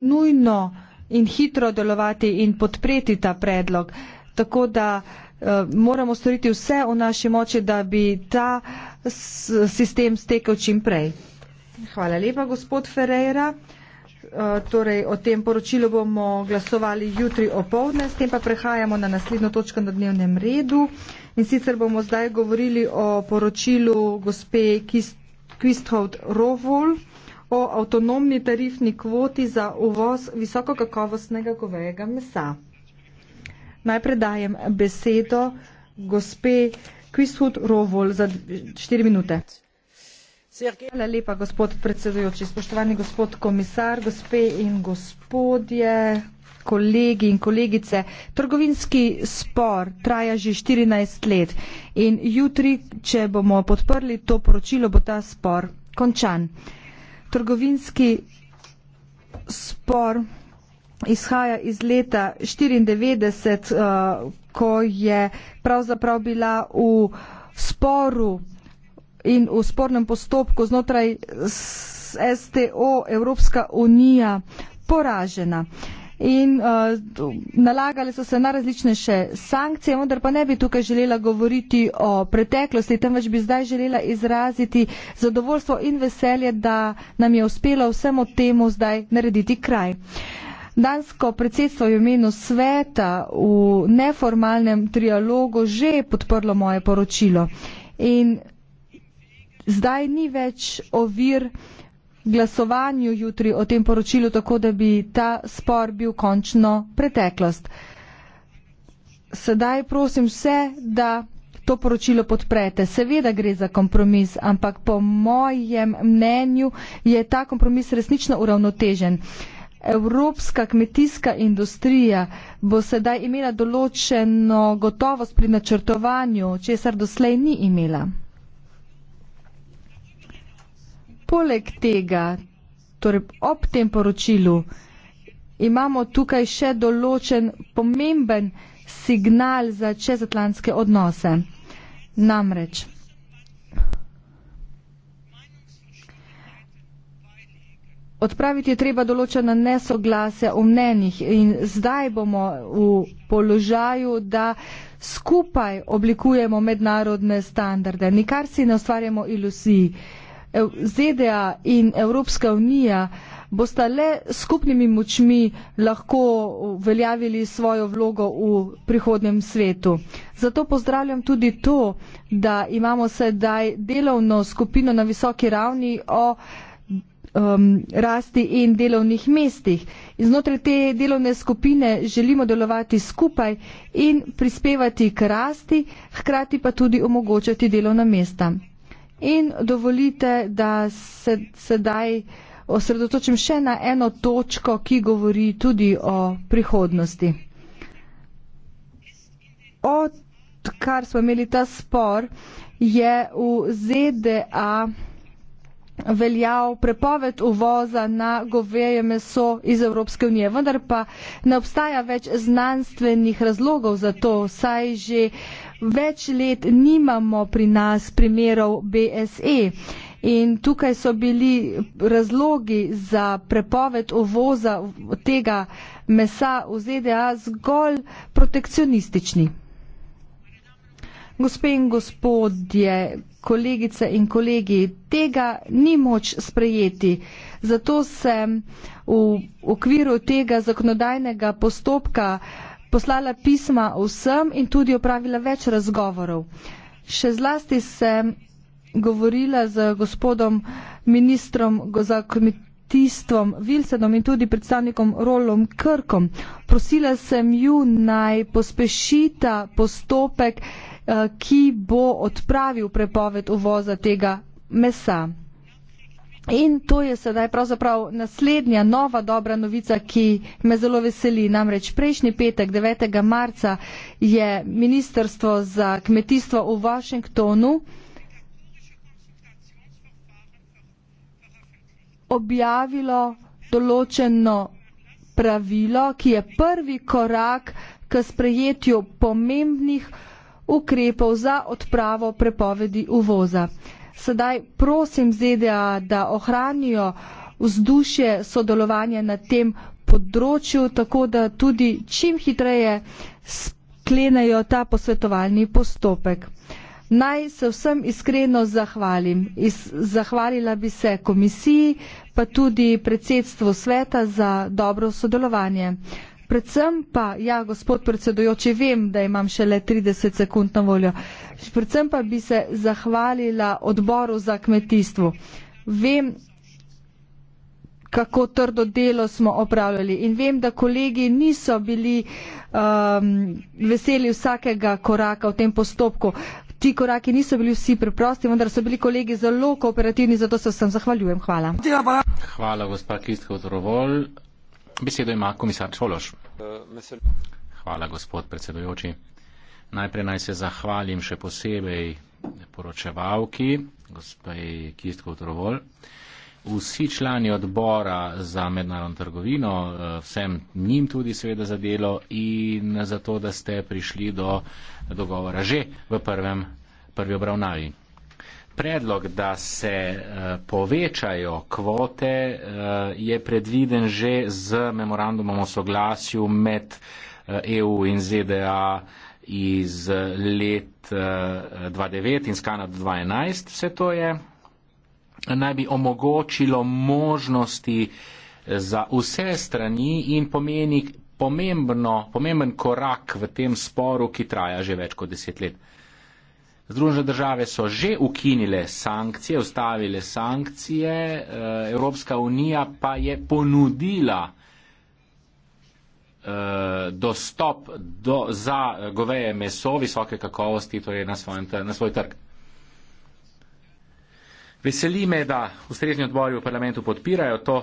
nujno in hitro delovati in podpreti ta predlog. Tako da eh, moramo storiti vse v naši moči, da bi ta sistem stekel čim prej. Hvala lepa, gospod Ferreira. Uh, torej, o tem poročilu bomo glasovali jutri opovdne, s tem pa prehajamo na naslednjo točko na dnevnem redu. In sicer bomo zdaj govorili o poročilu gospe Kvisthold Rovol, uh, o avtonomni tarifni kvoti za uvoz visokokakovostnega govejega mesa. Najprej dajem besedo gospe Kvisthud Rovol za štiri minute. Hvala lepa, gospod predsedujoči, spoštovani gospod komisar, gospe in gospodje, kolegi in kolegice. Trgovinski spor traja že 14 let in jutri, če bomo podprli to poročilo, bo ta spor končan. Uh, trgovinski spor izhaja iz leta 1994, eh, ko je pravzaprav bila v sporu in v spornem postopku znotraj STO Evropska unija poražena in uh, nalagali so se na različne še sankcije, vendar pa ne bi tukaj želela govoriti o preteklosti, temveč bi zdaj želela izraziti zadovoljstvo in veselje, da nam je uspelo vsemu temu zdaj narediti kraj. Dansko predsedstvo je v imenu sveta v neformalnem trialogu že podprlo moje poročilo. In zdaj ni več ovir uh, glasovanju jutri o tem poročilu, tako da bi ta spor bil končno preteklost. Sedaj prosim vse, da to poročilo podprete. Seveda gre za kompromis, ampak po mojem mnenju je ta kompromis resnično uravnotežen. Evropska kmetijska industrija bo sedaj imela določeno gotovost pri načrtovanju, česar doslej ni imela poleg tega, torej ob tem poročilu, imamo tukaj še določen pomemben signal za čezatlantske odnose. Namreč. Odpraviti je treba določena nesoglase o mnenjih in zdaj bomo v položaju, da skupaj oblikujemo mednarodne standarde. Nikar si ne ustvarjamo ilusij. Uh, ZDA in Evropska unija bosta le skupnimi močmi lahko uveljavili svojo vlogo v prihodnem svetu. Zato pozdravljam tudi to, da imamo sedaj delovno skupino na visoki ravni o um, rasti in delovnih mestih. In znotraj te delovne skupine želimo delovati skupaj in prispevati k rasti, hkrati pa tudi omogočati delovna mesta in dovolite, da se sedaj osredotočim še na eno točko, ki govori tudi o prihodnosti. Odkar smo imeli ta spor, je v ZDA veljal prepoved uvoza na goveje meso iz Evropske unije. Vendar pa ne obstaja več znanstvenih razlogov za to, saj že več let nimamo pri nas primerov BSE. In tukaj so bili razlogi za prepoved uvoza tega mesa v ZDA zgolj protekcionistični. Gospe in gospodje, kolegice in kolegi, tega ni moč sprejeti. Zato se v okviru tega zakonodajnega postopka poslala pisma vsem in tudi opravila več razgovorov. Še zlasti sem govorila z gospodom ministrom za komitet kmetijstvom Vilsenom in tudi predstavnikom Rolom Krkom. Prosila sem ju naj pospešita postopek, eh, ki bo odpravil prepoved uvoza tega mesa. In to je sedaj pravzaprav naslednja nova dobra novica, ki me zelo veseli. Namreč prejšnji petek, 9. marca, je Ministrstvo za kmetijstvo v Vašingtonu objavilo določeno pravilo, ki je prvi korak k sprejetju pomembnih ukrepov za odpravo prepovedi uvoza. Sedaj prosim ZDA, da ohranijo vzdušje sodelovanja na tem področju, tako da tudi čim hitreje sklenejo ta posvetovalni postopek. Naj se vsem iskreno zahvalim. Iz, zahvalila bi se komisiji, pa tudi predsedstvu sveta za dobro sodelovanje. Predvsem pa, ja, gospod predsedujoči, vem, da imam šele 30 sekund na voljo. Predvsem pa bi se zahvalila odboru za kmetijstvo. Vem, kako trdo delo smo opravljali in vem, da kolegi niso bili um, veseli vsakega koraka v tem postopku. Ti koraki niso bili vsi preprosti, vendar so bili kolegi zelo kooperativni, zato se vsem zahvaljujem. Hvala. Hvala, gospa Kistka, odrovolj. Besedo ima komisar Čološ. Hvala, gospod predsedujoči. Najprej naj se zahvalim še posebej poročevalki, gospod Kistka, odrovolj vsi člani odbora za mednarodno trgovino, eh, vsem njim tudi seveda za delo in za to, da ste prišli do dogovora že v prvem, prvi obravnavi. Predlog, da se eh, povečajo kvote, eh, je predviden že z memorandumom o soglasju med EU e in ZDA iz let 2009 in z Kanado 2011. Vse to je naj bi omogočilo možnosti eh, za vse strani in pomeni pomembno, pomemben korak v tem sporu, ki traja že več kot deset let. Združene države so že ukinile sankcije, ustavile sankcije, eh, Evropska unija pa je ponudila eh, dostop do, za goveje meso visoke kakovosti torej na, svoj, na svoj trg. Veseli me, da ustrezni odbori v parlamentu podpirajo to,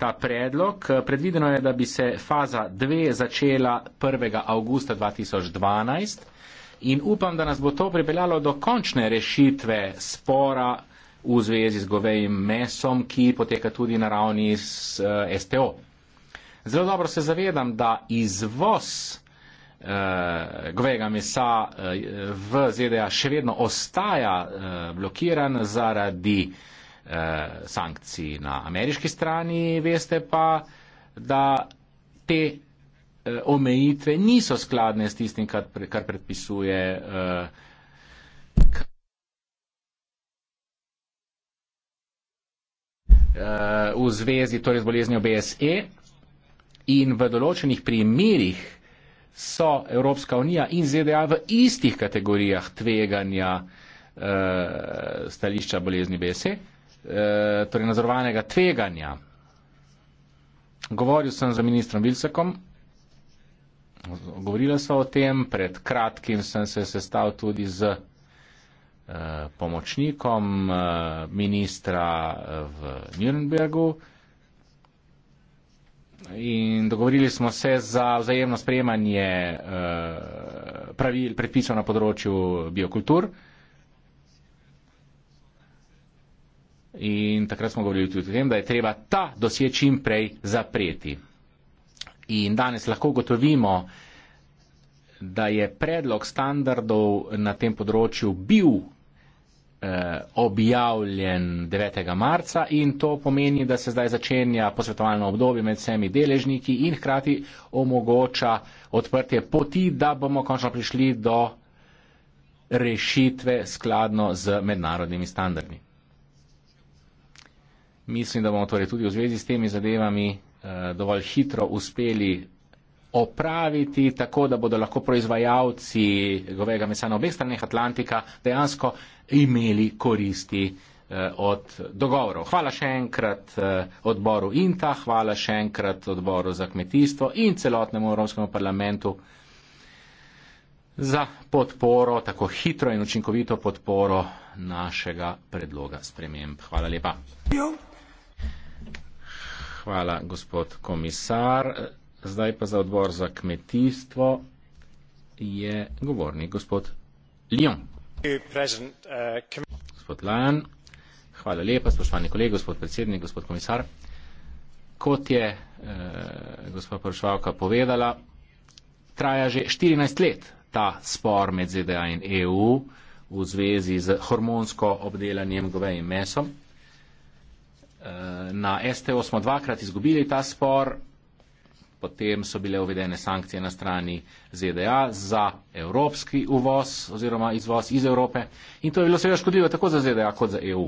ta predlog. Predvideno je, da bi se faza 2 začela 1. augusta 2012 in upam, da nas bo to pripeljalo do končne rešitve spora v zvezi z govejim mesom, ki poteka tudi na ravni s eh, STO. Zelo dobro se zavedam, da izvoz Eh, govejega mesa eh, v ZDA še vedno ostaja eh, blokiran zaradi sankcij na ameriški strani, veste pa, da te omejitve niso skladne s tistim, kar, kar predpisuje. v zvezi torej z boleznjo BSE in v določenih primerjih so Evropska unija in ZDA v istih kategorijah tveganja eh, stališča bolezni BSE, eh, torej nazorovanega tveganja. Govoril sem z ministrom Vilsakom, govorila so o tem, pred kratkim sem se sestal tudi z eh, pomočnikom eh, ministra eh, v Nürnbergu, In dogovorili smo se za vzajemno sprejemanje eh, pravil, predpisov na področju biokultur. In takrat smo govorili tudi o tem, da je treba ta dosje čim prej zapreti. In danes lahko gotovimo, da je predlog standardov na tem področju bil Eh, objavljen 9. marca in to pomeni, da se zdaj začenja posvetovalno obdobje med vsemi deležniki in hkrati omogoča odprtje poti, da bomo končno prišli do rešitve skladno z mednarodnimi standardi. Mislim, da bomo torej tudi v zvezi s temi zadevami eh, dovolj hitro uspeli opraviti tako, da bodo lahko proizvajalci govega mesa na obeh stranih Atlantika dejansko imeli koristi eh, od dogovorov. Hvala še enkrat eh, odboru INTA, hvala še enkrat odboru za kmetijstvo in celotnemu Evropskemu parlamentu za podporo, tako hitro in učinkovito podporo našega predloga sprememb. Hvala lepa. Hvala, gospod komisar. Zdaj pa za odbor za kmetijstvo je govornik gospod Lyon. Gospod Lyon, hvala lepa, spoštovani kolegi, gospod predsednik, gospod komisar. Kot je eh, gospa Pršavka povedala, traja že 14 let ta spor med ZDA in EU v zvezi z hormonsko obdelanjem govejim mesom. Eh, na STO smo dvakrat izgubili ta spor potem so bile uvedene sankcije na strani ZDA za evropski uvoz oziroma izvoz iz Evrope in to je bilo seveda škodljivo tako za ZDA kot za EU.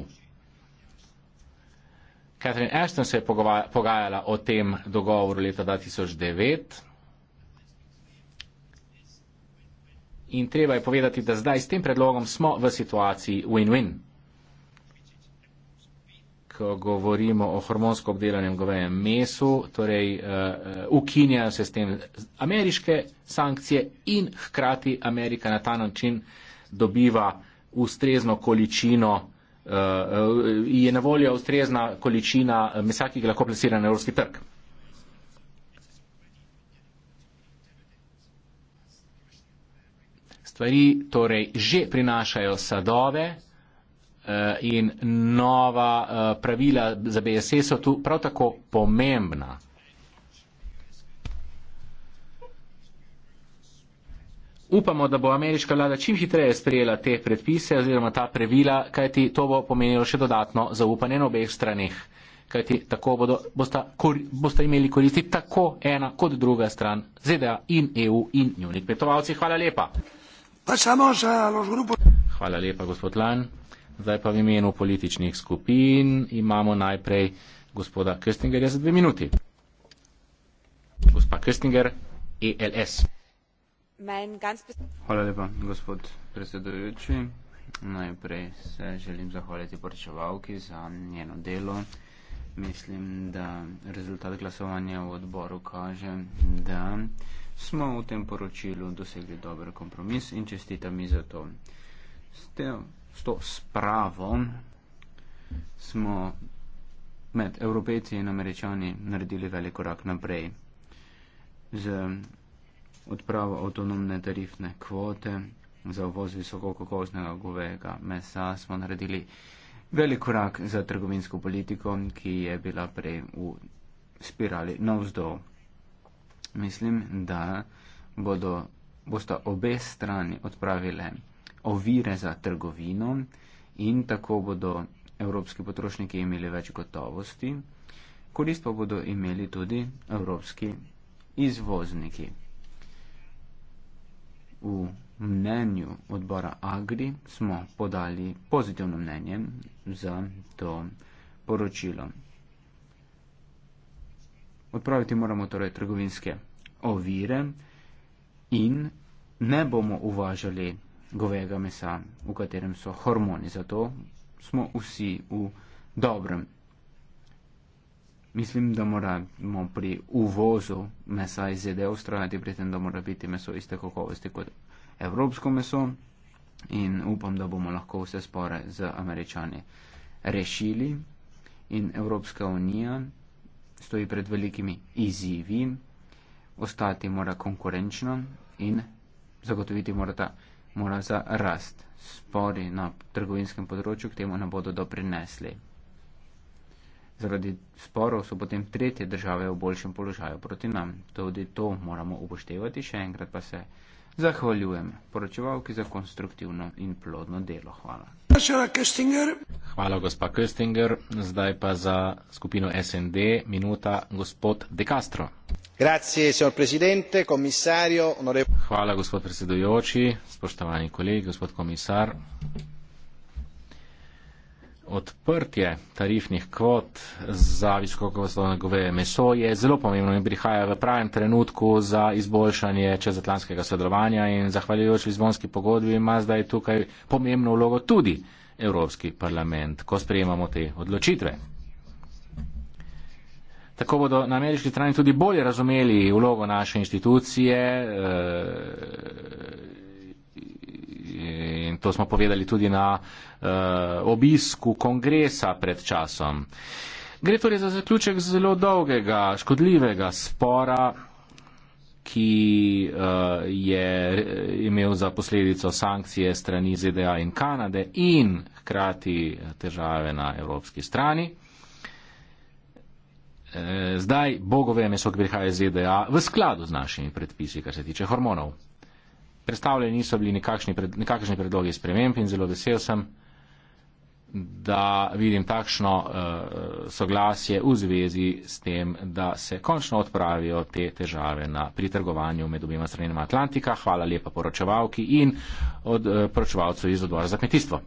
Catherine Ashton se je pogajala o tem dogovoru leta 2009 in treba je povedati, da zdaj s tem predlogom smo v situaciji win-win ko govorimo o hormonsko obdelanem govejem mesu, torej uh, ukinjajo se s tem ameriške sankcije in hkrati Amerika na ta način dobiva ustrezno količino, uh, uh, je na voljo ustrezna količina mesa, ki ga lahko plesira na evropski trg. Stvari torej že prinašajo sadove, Eh, in nova eh, pravila za BSE so tu prav tako pomembna. Upamo, da bo ameriška vlada čim hitreje sprejela te predpise oziroma ta pravila, kajti to bo pomenilo še dodatno zaupanje na obeh stranih, kajti tako bodo, bosta, kor, bosta imeli koristi tako ena kot druga stran ZDA in EU in njunih petovalci. Hvala lepa. Hvala lepa, gospod Lan. Zdaj pa v imenu političnih skupin imamo najprej gospoda Krstingerja za dve minuti. Gospa Krstinger, ELS. Hvala lepa, gospod predsedujoči. Najprej se želim zahvaliti poročevalki za njeno delo. Mislim, da rezultat glasovanja v odboru kaže, da smo v tem poročilu dosegli dober kompromis in čestitam mi za to s to spravo smo med Evropejci in Američani naredili velik korak naprej. Z odpravo avtonomne tarifne kvote za uvoz visokokakovostnega govejega mesa smo naredili velik korak za trgovinsko politiko, ki je bila prej v spirali navzdol. Mislim, da bodo, bosta obe strani odpravile ovire za trgovino in tako bodo evropski potrošniki imeli več gotovosti, korist pa bodo imeli tudi evropski izvozniki. V mnenju odbora Agri smo podali pozitivno mnenje za to poročilo. Odpraviti moramo torej trgovinske ovire in ne bomo uvažali govega mesa, v katerem so hormoni, zato smo vsi v dobrem. Mislim, da moramo pri uvozu mesa iz ZDA ustrajati pri tem, da mora biti meso iste kakovosti kot evropsko meso in upam, da bomo lahko vse spore z američani rešili in Evropska unija stoji pred velikimi izzivi, ostati mora konkurenčno in zagotoviti mora ta mora za rast. Spori na trgovinskem področju k temu ne bodo doprinesli. Zaradi sporov so potem tretje države v boljšem položaju proti nam. Tudi to moramo upoštevati. Še enkrat pa se Zahvaljujem poročevalki za konstruktivno in plodno delo. Hvala. Hvala, gospa Köstinger. Zdaj pa za skupino SND minuta gospod De Castro. Hvala, gospod predsedujoči, spoštovani kolegi, gospod komisar odprtje tarifnih kvot za visokokakovostno goveje meso je zelo pomembno in prihaja v pravem trenutku za izboljšanje čezatlantskega sodelovanja in zahvaljujoč izbonski pogodbi ima zdaj tukaj pomembno vlogo tudi Evropski parlament, ko sprejemamo te odločitve. Tako bodo na ameriški strani tudi bolje razumeli vlogo naše inštitucije. Eh, to smo povedali tudi na uh, obisku kongresa pred časom. Gre torej za zaključek zelo dolgega, škodljivega spora, ki uh, je eh, imel za posledico sankcije strani ZDA in Kanade in hkrati težave na evropski strani. Zdaj, bogove meso, ki prihaja iz ZDA, v skladu z našimi predpisi, kar se tiče hormonov predstavljeni so bili nekakšni, pred, nekakšni predlogi sprememb in zelo vesel sem, da vidim takšno uh, soglasje v zvezi s tem, da se končno odpravijo te težave na pritrgovanju med obima stranima Atlantika. Hvala lepa poročevalki in od uh, poročevalcu iz odbora za kmetijstvo.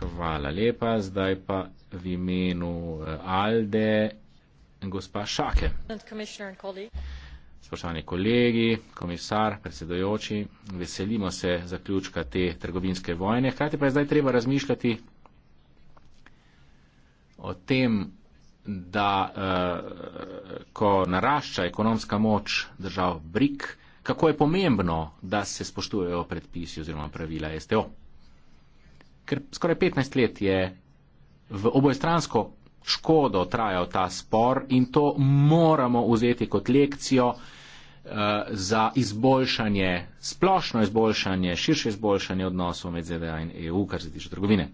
Hvala lepa, zdaj pa v imenu eh, Alde, gospa Šake. And Spoštovani kolegi, komisar, predsedojoči, veselimo se zaključka te trgovinske vojne. Hkrati pa je zdaj treba razmišljati o tem, da eh, ko narašča ekonomska moč držav BRIK, kako je pomembno, da se spoštujejo predpisi oziroma pravila STO. Ker skoraj 15 let je v obojstransko škodo trajal ta spor in to moramo vzeti kot lekcijo eh, za izboljšanje, splošno izboljšanje, širše izboljšanje odnosov med ZDA in EU, kar se tiče trgovine.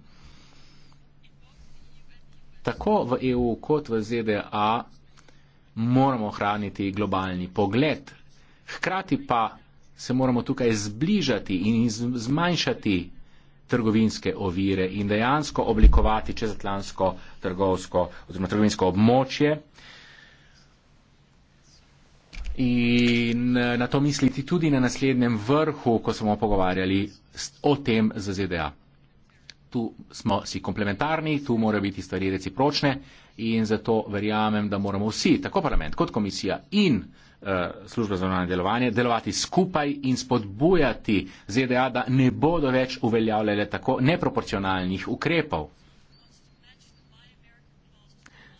Tako v EU kot v ZDA moramo ohraniti globalni pogled, hkrati pa se moramo tukaj zbližati in zmanjšati trgovinske ovire in dejansko oblikovati čezatlansko trgovsko oziroma trgovinsko območje. In eh, na to misliti tudi na naslednjem vrhu, ko smo pogovarjali o tem z ZDA. Tu smo si komplementarni, tu morajo biti stvari recipročne, in zato verjamem, da moramo vsi, tako parlament kot komisija in eh, služba za zunanje delovanje, delovati skupaj in spodbujati ZDA, da ne bodo več uveljavljale tako neproporcionalnih ukrepov.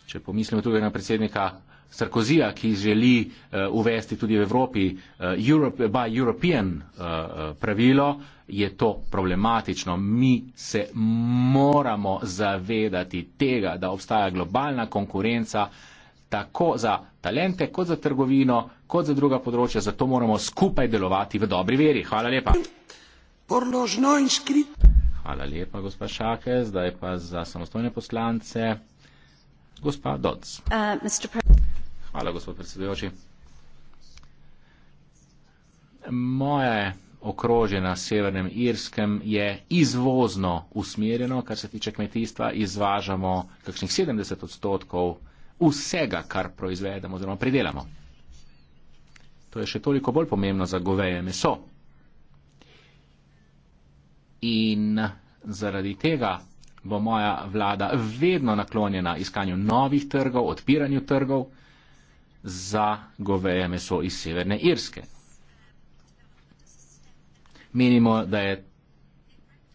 Če pomislimo tudi na predsednika Sarkozija, ki želi uh, uvesti tudi v Evropi uh, Europe, eh, by European uh, pravilo, je to problematično. Mi se moramo zavedati tega, da obstaja globalna konkurenca tako za talente, kot za trgovino, kot za druga področja. Zato moramo skupaj delovati v dobri veri. Hvala lepa. Hvala lepa, gospa Šake. Zdaj pa za samostojne poslance. Gospa Dodds. Uh, Hvala, gospod predsedujoči. Moje okrožje na severnem Irskem je izvozno usmerjeno, kar se tiče kmetijstva. Izvažamo kakšnih 70 odstotkov vsega, kar proizvedemo oziroma pridelamo. To je še toliko bolj pomembno za goveje meso. In zaradi tega bo moja vlada vedno naklonjena iskanju novih trgov, odpiranju trgov, za goveje meso iz Severne Irske. Menimo, da je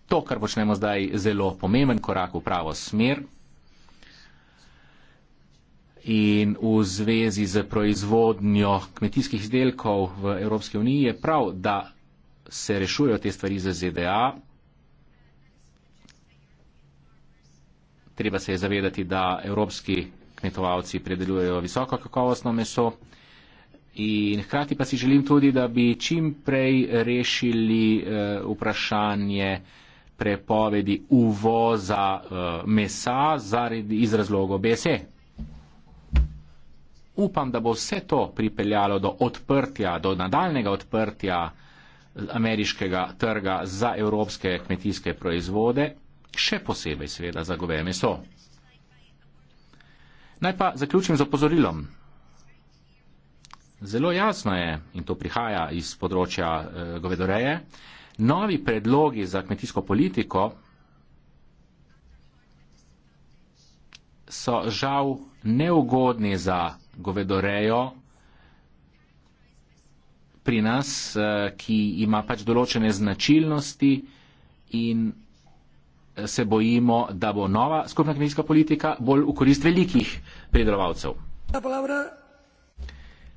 to, kar počnemo zdaj, zelo pomemben korak v pravo smer. In v zvezi z proizvodnjo kmetijskih izdelkov v Evropski uniji je prav, da se rešujejo te stvari z ZDA. Treba se je zavedati, da evropski kmetovalci predelujejo visoko kakovostno meso. In hkrati pa si želim tudi, da bi čim prej rešili uh, vprašanje prepovedi uvoza uh, mesa zaradi iz razlogo BSE. Upam, da bo vse to pripeljalo do odprtja, do nadaljnega odprtja eh, ameriškega trga za evropske kmetijske proizvode, še posebej seveda za goveje meso. Naj pa zaključim z opozorilom. Zelo jasno je, in to prihaja iz področja e, govedoreje, novi predlogi za kmetijsko politiko so žal neugodni za govedorejo pri nas, e, ki ima pač določene značilnosti in se bojimo, da bo nova skupna kmetijska politika bolj v korist velikih pridelovalcev.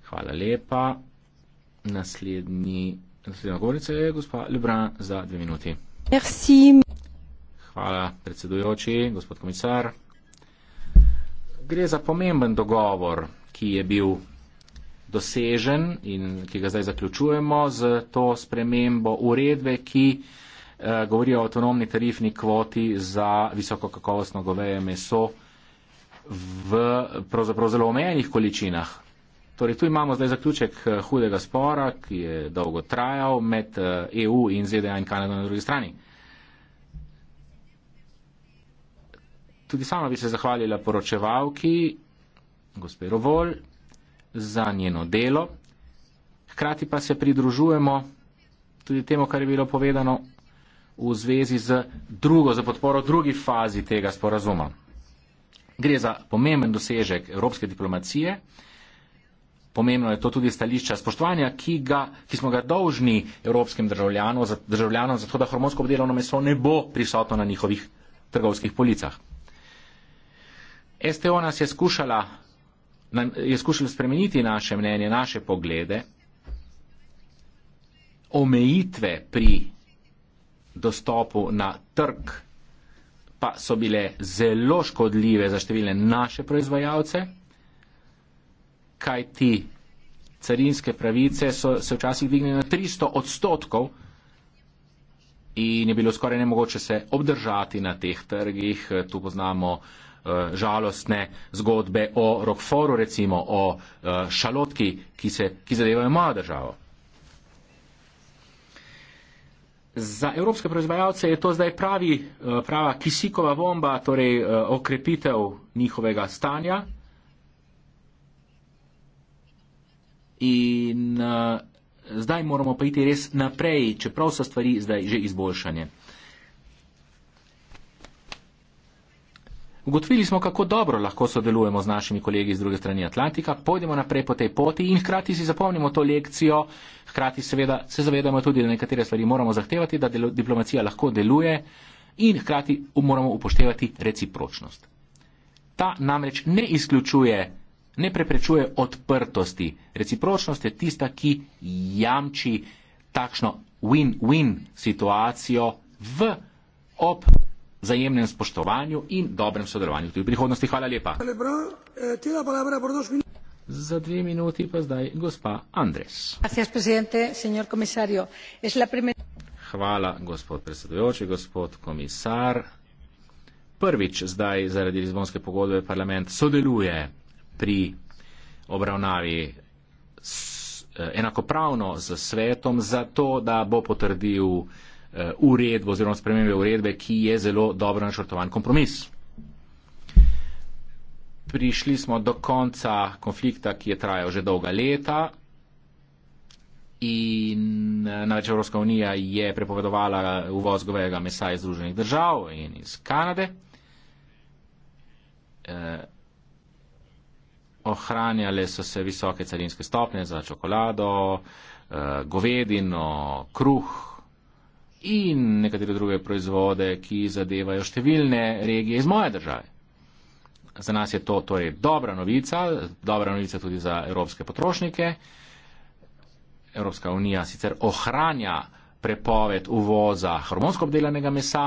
Hvala lepa. Naslednji, naslednja govorica je gospa Ljubra za dve minuti. Merci. Hvala, predsedujoči, gospod komisar. Gre za pomemben dogovor, ki je bil dosežen in ki ga zdaj zaključujemo z to spremembo uredbe, ki Eh, govori o avtonomni tarifni kvoti za visokokakovostno goveje meso v pravzaprav zelo omejenih količinah. Torej, tu imamo zdaj zaključek eh, hudega spora, ki je dolgo trajal med EU eh, e in ZDA in Kanado na drugi strani. Tudi sama bi se zahvalila poročevalki, gospe Rovol, za njeno delo. Hkrati pa se pridružujemo tudi temu, kar je bilo povedano v zvezi z drugo, za podporo drugi fazi tega sporazuma. Gre za pomemben dosežek evropske diplomacije, pomembno je to tudi stališča spoštovanja, ki, ga, ki smo ga dolžni evropskim državljanom, državljanom zato da hormonsko obdelano meso ne bo prisotno na njihovih trgovskih policah. STO nas je skušala, je skušala spremeniti naše mnenje, naše poglede, omejitve pri dostopu na trg, pa so bile zelo škodljive za številne naše proizvajalce, kaj ti carinske pravice so se včasih dvignile na 300 odstotkov in je bilo skoraj nemogoče se obdržati na teh trgih. Tu poznamo uh, žalostne zgodbe o Rockforu, recimo o uh, šalotki, ki, se, ki zadevajo mojo državo. Za evropske proizvajalce je to zdaj pravi, eh, prava kisikova bomba, torej eh, okrepitev njihovega stanja. In eh, zdaj moramo pa iti res naprej, čeprav so stvari zdaj že izboljšanje. Ugotovili smo, kako dobro lahko sodelujemo z našimi kolegi z druge strani Atlantika, pojdemo naprej po tej poti in hkrati si zapomnimo to lekcijo, hkrati seveda se zavedamo tudi, da nekatere stvari moramo zahtevati, da delo, diplomacija lahko deluje in hkrati moramo upoštevati recipročnost. Ta namreč ne izključuje, ne preprečuje odprtosti. Recipročnost je tista, ki jamči takšno win-win situacijo v ob vzajemnem spoštovanju in dobrem sodelovanju tudi v prihodnosti. Hvala lepa. Za dve minuti pa zdaj gospa Andres. Hvala, gospod predsedujoči, gospod komisar. Prvič zdaj zaradi Lizbonske pogodbe parlament sodeluje pri obravnavi s, eh, enakopravno z svetom, zato da bo potrdil Eh, uredbo oziroma spremembe uredbe, ki je zelo dobro načrtovan kompromis. Prišli smo do konca konflikta, ki je trajal že dolga leta in eh, največ Evropska unija je prepovedovala uvoz govejega mesa iz Združenih držav in iz Kanade. Eh, ohranjale so se visoke carinske stopnje za čokolado, eh, govedino, kruh, in nekatere druge proizvode, ki zadevajo številne regije iz moje države. Za nas je to torej dobra novica, dobra novica tudi za evropske potrošnike. Evropska unija sicer ohranja prepoved uvoza hormonsko obdelanega mesa.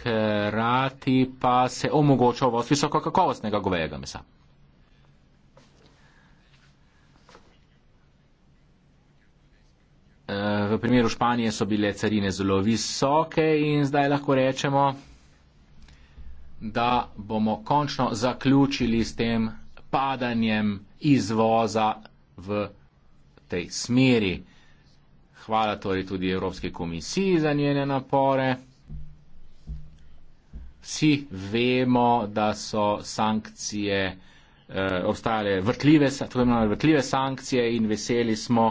Hrati pa se omogoča uvoz visokokakovostnega govejega mesa. V primeru Španije so bile carine zelo visoke in zdaj lahko rečemo, da bomo končno zaključili s tem padanjem izvoza v tej smeri. Hvala torej tudi Evropske komisiji za njene napore. Vsi vemo, da so sankcije eh, obstajale vrtljive, vrtljive sankcije in veseli smo,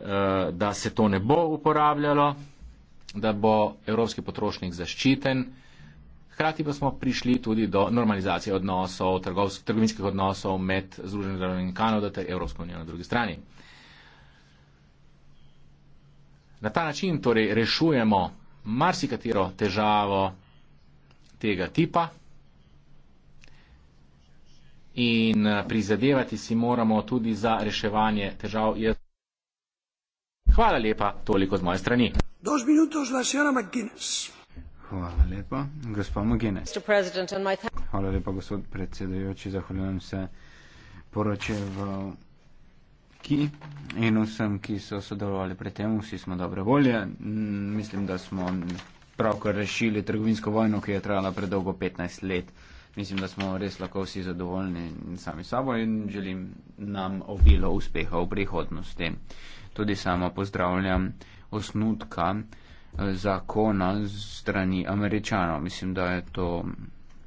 Eh, da se to ne bo uporabljalo, da bo evropski potrošnik zaščiten. Hkrati pa smo prišli tudi do normalizacije odnosov, trgovinskih odnosov med Združenim državami in Kanado ter Evropsko unijo na drugi strani. Na ta način torej rešujemo marsikatero težavo tega tipa in eh, prizadevati si moramo tudi za reševanje težav. Jaz Hvala lepa, toliko z moje strani. Hvala lepa, gospod McGuinness. Hvala lepa, gospod predsedujoči, zahvaljujem se poročevalki in vsem, ki so sodelovali pri tem, vsi smo dobre volje. Mm, mislim, da smo pravkar rešili trgovinsko vojno, ki je trajala predolgo 15 let. Mislim, da smo res lahko vsi zadovoljni sami sabo in želim nam obilo uspeha v prihodnosti tudi sama pozdravljam osnutka eh, zakona strani američanov. Mislim, da je to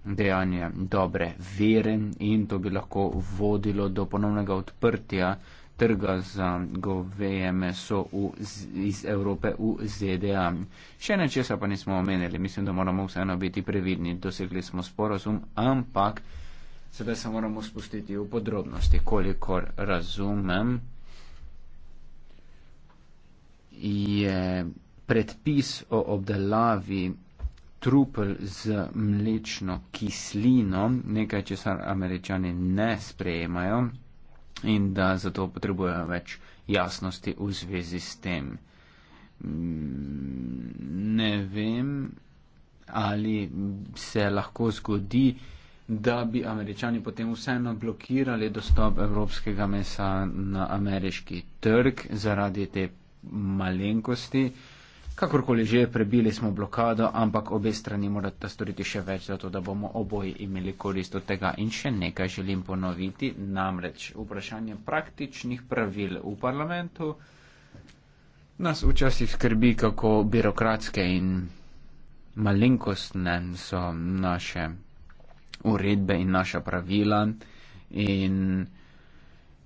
dejanje dobre vere in to bi lahko vodilo do ponovnega odprtja trga za goveje meso v, iz Evrope v ZDA. Še nečesa pa nismo omenili, mislim, da moramo vseeno biti previdni, dosegli smo sporozum, ampak sedaj se moramo spustiti v podrobnosti, kolikor razumem je predpis o obdelavi trupel z mlečno kislino, nekaj česar američani ne sprejemajo in da zato potrebujejo več jasnosti v zvezi s tem. Mm, ne vem, ali se lahko zgodi, da bi američani potem vseeno blokirali dostop evropskega mesa na ameriški trg zaradi te malenkosti. Kakorkoli že, prebili smo blokado, ampak obe strani morata storiti še več, zato da bomo oboji imeli korist od tega. In še nekaj želim ponoviti, namreč vprašanje praktičnih pravil v parlamentu nas včasih skrbi, kako birokratske in malenkostne so naše uredbe in naša pravila. In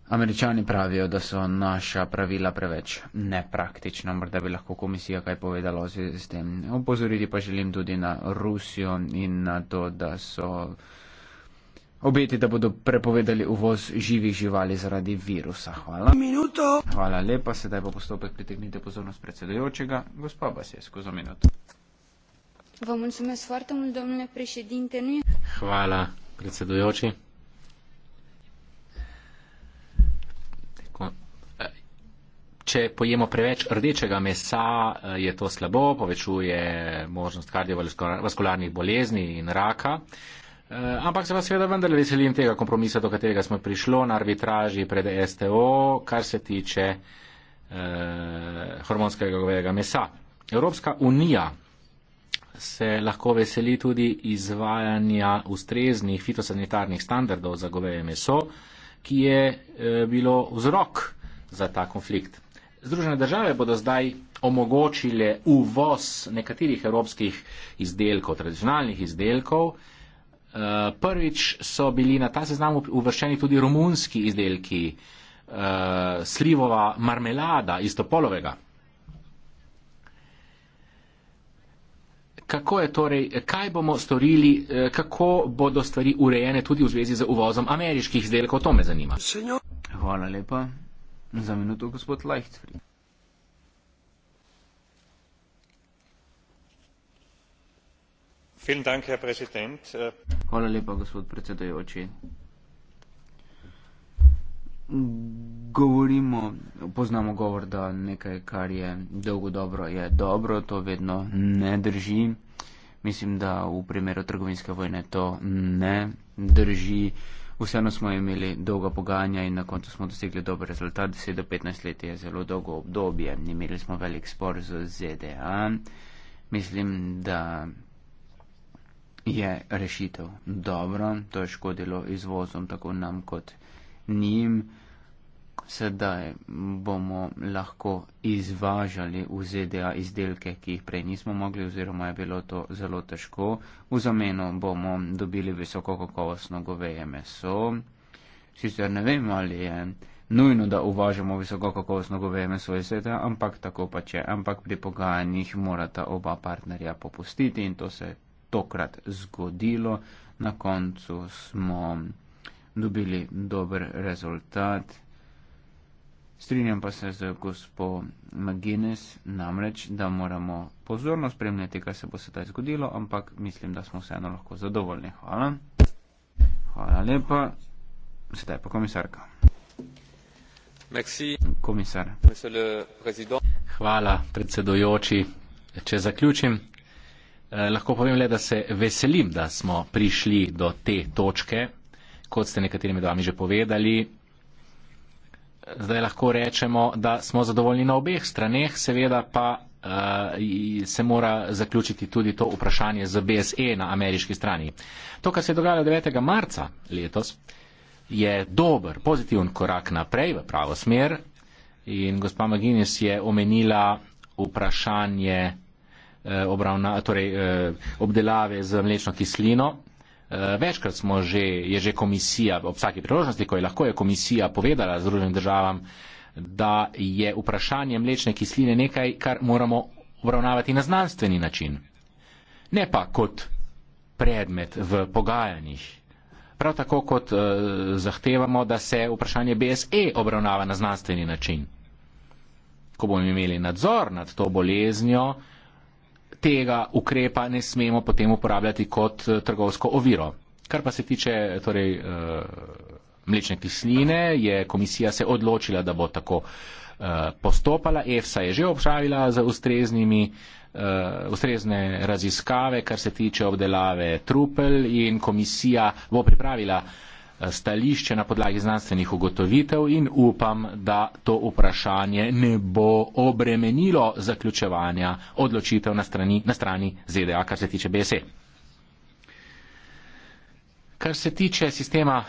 Američani pravijo, da so naša pravila preveč nepraktična, morda bi lahko komisija kaj povedala o zvezi s tem. Opozoriti pa želim tudi na Rusijo in na to, da so obeti, da bodo prepovedali uvoz živih živali zaradi virusa. Hvala. Minuto. Hvala lepa, sedaj bo postopek pritegnite pozornost predsedujočega. Gospa Basesko, za minuto. E- Hvala, predsedujoči. Če pojemo preveč rdečega mesa, eh, je to slabo, povečuje možnost kardiovaskularnih bolezni in raka. Eh, ampak se vas seveda vendar veselim tega kompromisa, do katerega smo prišli na arbitraži pred STO, kar se tiče eh, hormonskega govejega mesa. Evropska unija se lahko veseli tudi izvajanja ustreznih fitosanitarnih standardov za goveje meso, ki je eh, bilo vzrok za ta konflikt. Združene države bodo zdaj omogočile uvoz nekaterih evropskih izdelkov, tradicionalnih izdelkov. Eh, prvič so bili na ta seznam uvrščeni tudi romunski izdelki, eh, slivova marmelada iz Topolovega. Kako je torej, kaj bomo storili, eh, kako bodo stvari urejene tudi v zvezi z uvozom ameriških izdelkov, to me zanima. Hvala lepa. Za minuto, gospod Leichtfried. Dank, Herr Hvala lepa, gospod predsedujoči. Govorimo, poznamo govor, da nekaj, kar je dolgo dobro, je dobro, to vedno ne drži. Mislim, da v primeru trgovinske vojne to ne drži vseeno smo imeli dolga pogajanja in na koncu smo dosegli dober rezultat. 10 do 15 let je zelo dolgo obdobje. Imeli smo velik spor z ZDA. Mislim, da je rešitev dobro. To je škodilo izvozom tako nam kot njim sedaj bomo lahko izvažali v ZDA izdelke, ki jih prej nismo mogli oziroma je bilo to zelo težko. V zameno bomo dobili visoko kakovostno goveje meso. Sicer ne vem, ali je nujno, da uvažamo visoko kakovostno goveje meso iz ZDA, ampak tako pa če. Ampak pri pogajanjih morata oba partnerja popustiti in to se je tokrat zgodilo. Na koncu smo dobili dober rezultat. Strinjam pa se z gospo Magines namreč, da moramo pozorno spremljati, kaj se bo sedaj zgodilo, ampak mislim, da smo vseeno lahko zadovoljni. Hvala. Hvala lepa. Sedaj pa komisarka. Merci. Komisar. Hvala, predsedujoči. Če zaključim, eh, lahko povem le, da se veselim, da smo prišli do te točke, kot ste nekaterimi dvami že povedali zdaj lahko rečemo, da smo zadovoljni na obeh straneh, seveda pa eh, se mora zaključiti tudi to vprašanje z BSE na ameriški strani. To, kar se je dogajalo 9. marca letos, je dober, pozitiven korak naprej v pravo smer in gospa Maginis je omenila vprašanje eh, obravna, torej, eh, obdelave z mlečno kislino, Eh, večkrat smo že, je že komisija, ob vsaki priložnosti, ko je lahko je komisija povedala Združenim državam, da je vprašanje mlečne kisline nekaj, kar moramo obravnavati na znanstveni način. Ne pa kot predmet v pogajanjih. Prav tako kot uh, zahtevamo, da se vprašanje BSE obravnava na znanstveni način. Ko bomo imeli nadzor nad to boleznjo, uh, tega ukrepa ne smemo potem uporabljati kot eh, trgovsko oviro. Kar pa se tiče eh, torej, eh, mlečne kisline, je komisija se odločila, da bo tako postopala. EFSA je že obšavila za ustreznimi, ustrezne raziskave, kar se tiče obdelave trupel in komisija bo pripravila stališče na podlagi znanstvenih ugotovitev in upam, da to vprašanje ne bo obremenilo zaključevanja odločitev na, strani, na strani ZDA, kar se tiče BSE. Kar se tiče sistema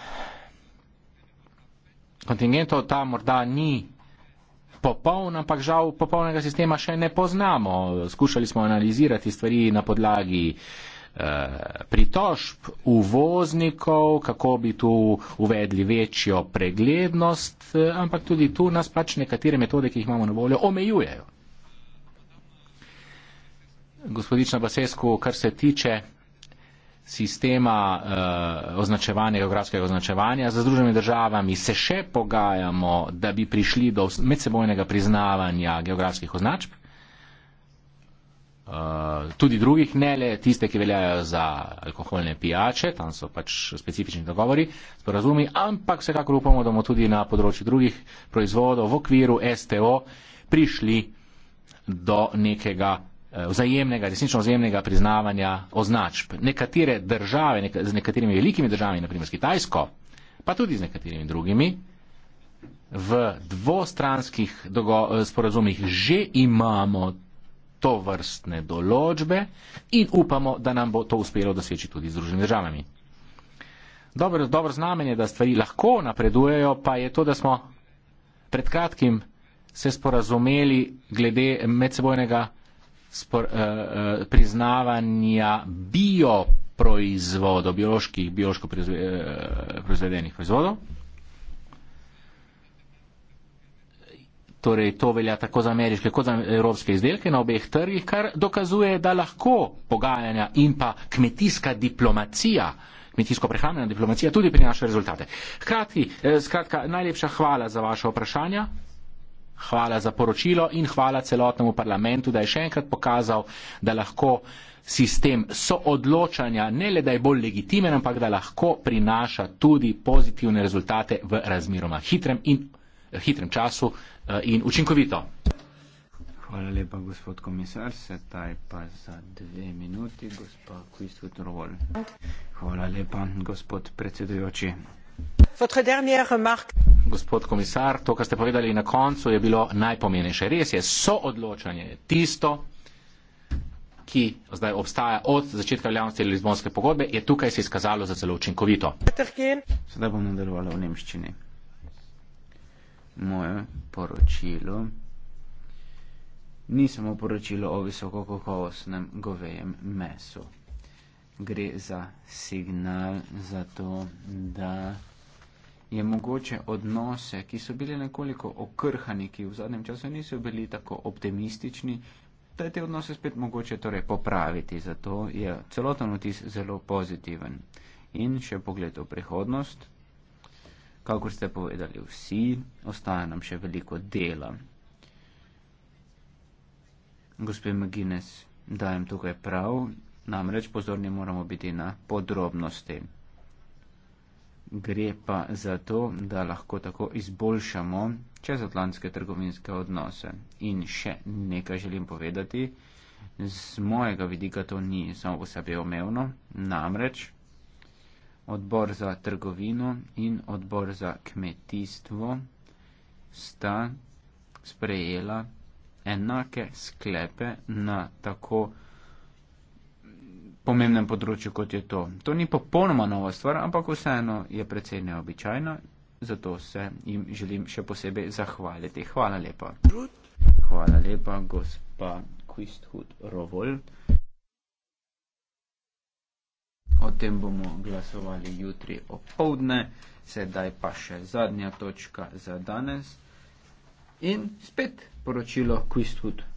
kontingentov, ta morda ni popoln, ampak žal popolnega sistema še ne poznamo. Skušali smo analizirati stvari na podlagi uh, Eh, pritožb uvoznikov, kako bi tu uvedli večjo preglednost, eh, ampak tudi tu nas pač nekatere metode, ki jih imamo na voljo, omejujejo. Gospodična Basesku, kar se tiče sistema eh, označevanja, geografskega označevanja, za združenimi državami se še pogajamo, da bi prišli do medsebojnega priznavanja geografskih označb uh, tudi drugih, ne le tiste, ki veljajo za alkoholne pijače, tam so pač specifični dogovori, sporazumi, ampak vsekakor upamo, da bomo tudi na področju drugih proizvodov v okviru STO prišli do nekega eh, vzajemnega, resnično vzajemnega priznavanja označb. Nekatere države, nek z nekaterimi velikimi državami, naprimer s Kitajsko, pa tudi z nekaterimi drugimi, v dvostranskih eh, sporazumih že imamo to vrstne določbe in upamo, da nam bo to uspelo doseči tudi z druženimi državami. Dobro, dobro znamenje, da stvari lahko napredujejo, pa je to, da smo pred kratkim se sporazumeli glede medsebojnega spor, eh, eh priznavanja bioproizvodov, bioloških, biološko eh, proizvedenih proizvodov. torej to velja tako za ameriške kot za evropske izdelke na obeh trgih, kar dokazuje, da lahko pogajanja in pa kmetijska diplomacija kmetijsko-prehranjena diplomacija tudi prinaša rezultate. Hkrati, eh, skratka, najlepša hvala za vaše vprašanja, hvala za poročilo in hvala celotnemu parlamentu, da je še enkrat pokazal, da lahko sistem soodločanja ne le da je bolj legitimen, ampak da lahko prinaša tudi pozitivne rezultate v razmeroma hitrem in hitrem času eh, in učinkovito. Hvala lepa, gospod komisar. Sedaj pa za dve minuti, gospa Kvistut Rovol. Hvala lepa, gospod predsedujoči. Gospod komisar, to, kar ste povedali na koncu, je bilo najpomenejše. Res je, soodločanje je tisto, ki zdaj obstaja od začetka veljavnosti Lizbonske pogodbe, je tukaj se izkazalo za zelo učinkovito. Sedaj bom nadaljevala v Nemščini moje poročilo. Ni samo poročilo o visokokakovostnem govejem mesu. Gre za signal za to, da je mogoče odnose, ki so bili nekoliko okrhani, ki v zadnjem času niso bili tako optimistični, da je te odnose spet mogoče torej popraviti. Zato je celoten vtis zelo pozitiven. In še pogled v prihodnost, kakor ste povedali vsi, ostaja nam še veliko dela. Gospe Magines, dajem tukaj prav, namreč pozorni moramo biti na podrobnosti. Gre pa za to, da lahko tako izboljšamo čezatlantske trgovinske odnose. In še nekaj želim povedati, z mojega vidika to ni samo po sebi omevno, namreč odbor za trgovino in odbor za kmetijstvo sta sprejela enake sklepe na tako pomembnem področju, kot je to. To ni popolnoma nova stvar, ampak vseeno je precej neobičajna, zato se jim želim še posebej zahvaliti. Hvala lepa. Hvala lepa, gospa Quisthood Rovol. O tem bomo glasovali jutri opoldne, sedaj pa še zadnja točka za danes. In spet poročilo Quistwood.